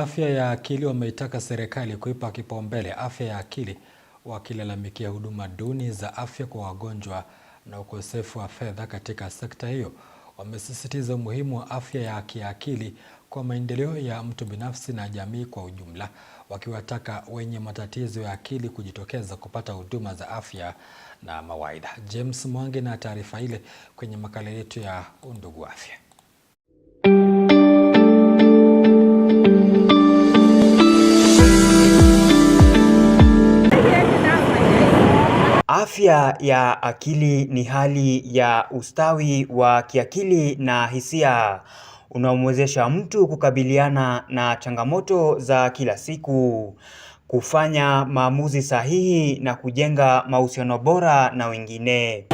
Afya ya akili wameitaka serikali kuipa kipaumbele afya ya akili wakilalamikia huduma duni za afya kwa wagonjwa na ukosefu wa fedha katika sekta hiyo. Wamesisitiza umuhimu wa afya ya kiakili kwa maendeleo ya mtu binafsi na jamii kwa ujumla, wakiwataka wenye matatizo ya akili kujitokeza kupata huduma za afya na mawaidha. James Mwangi na taarifa ile kwenye makala yetu ya Undugu Afya. Afya ya akili ni hali ya ustawi wa kiakili na hisia unaomwezesha mtu kukabiliana na changamoto za kila siku, kufanya maamuzi sahihi na kujenga mahusiano bora na wengine.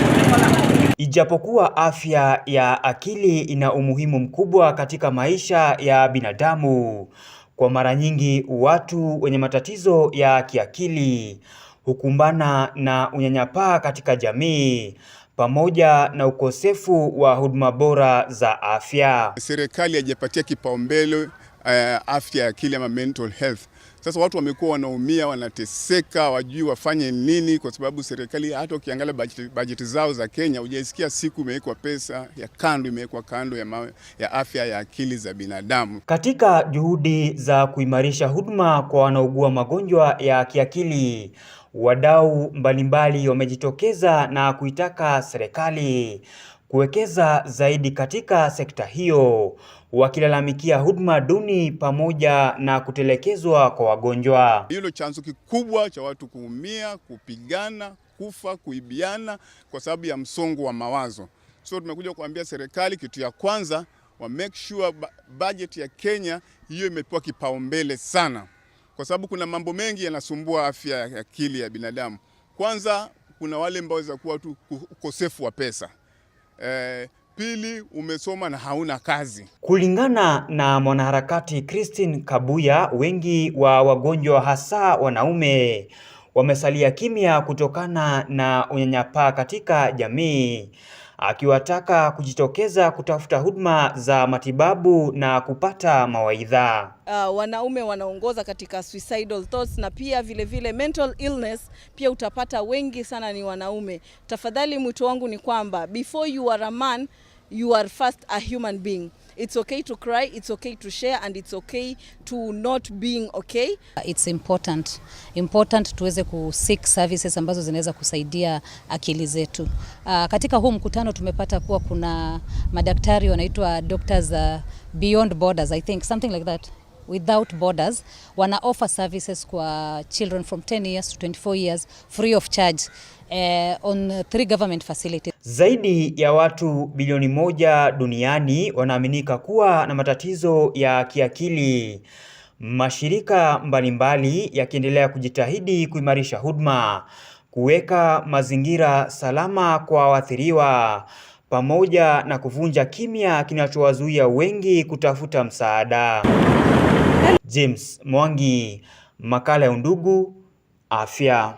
Ijapokuwa afya ya akili ina umuhimu mkubwa katika maisha ya binadamu, kwa mara nyingi watu wenye matatizo ya kiakili hukumbana na unyanyapaa katika jamii pamoja na ukosefu wa huduma bora za afya. Serikali haijapatia kipaumbele uh, afya ya akili ama mental health. Sasa watu wamekuwa wanaumia, wanateseka, wajui wafanye nini, kwa sababu serikali hata ukiangalia bajeti, bajeti zao za Kenya hujaisikia siku imewekwa pesa ya kando, imewekwa kando ya, mawe, ya afya ya akili za binadamu. Katika juhudi za kuimarisha huduma kwa wanaougua magonjwa ya kiakili Wadau mbalimbali wamejitokeza na kuitaka serikali kuwekeza zaidi katika sekta hiyo, wakilalamikia huduma duni pamoja na kutelekezwa kwa wagonjwa. Hilo chanzo kikubwa cha watu kuumia, kupigana, kufa, kuibiana kwa sababu ya msongo wa mawazo. So tumekuja kuambia serikali, kitu ya kwanza wa make sure budget ya Kenya hiyo imepewa kipaumbele sana kwa sababu kuna mambo mengi yanasumbua afya ya akili ya binadamu. Kwanza kuna wale ambao waweza kuwa tu ukosefu wa pesa e, pili umesoma na hauna kazi. Kulingana na mwanaharakati Christine Kabuya, wengi wa wagonjwa hasa wanaume wamesalia kimya kutokana na unyanyapaa katika jamii akiwataka kujitokeza kutafuta huduma za matibabu na kupata mawaidha. Uh, wanaume wanaongoza katika suicidal thoughts na pia vile vile mental illness, pia utapata wengi sana ni wanaume. Tafadhali mwito wangu ni kwamba before you are a man, you are first a human being. It's okay to cry, it's okay to share and it's okay to not being okay. It's important. Important tuweze kusik services ambazo zinaweza kusaidia akili zetu. Uh, katika huu mkutano tumepata kuwa kuna madaktari wanaitwa doctors uh, beyond borders I think something like that without borders wana offer services kwa children from 10 years to 24 years free of charge uh, on three government facilities zaidi ya watu bilioni moja duniani wanaaminika kuwa na matatizo ya kiakili. Mashirika mbalimbali yakiendelea kujitahidi kuimarisha huduma, kuweka mazingira salama kwa waathiriwa pamoja na kuvunja kimya kinachowazuia wengi kutafuta msaada. James Mwangi, makala ya Undugu Afya.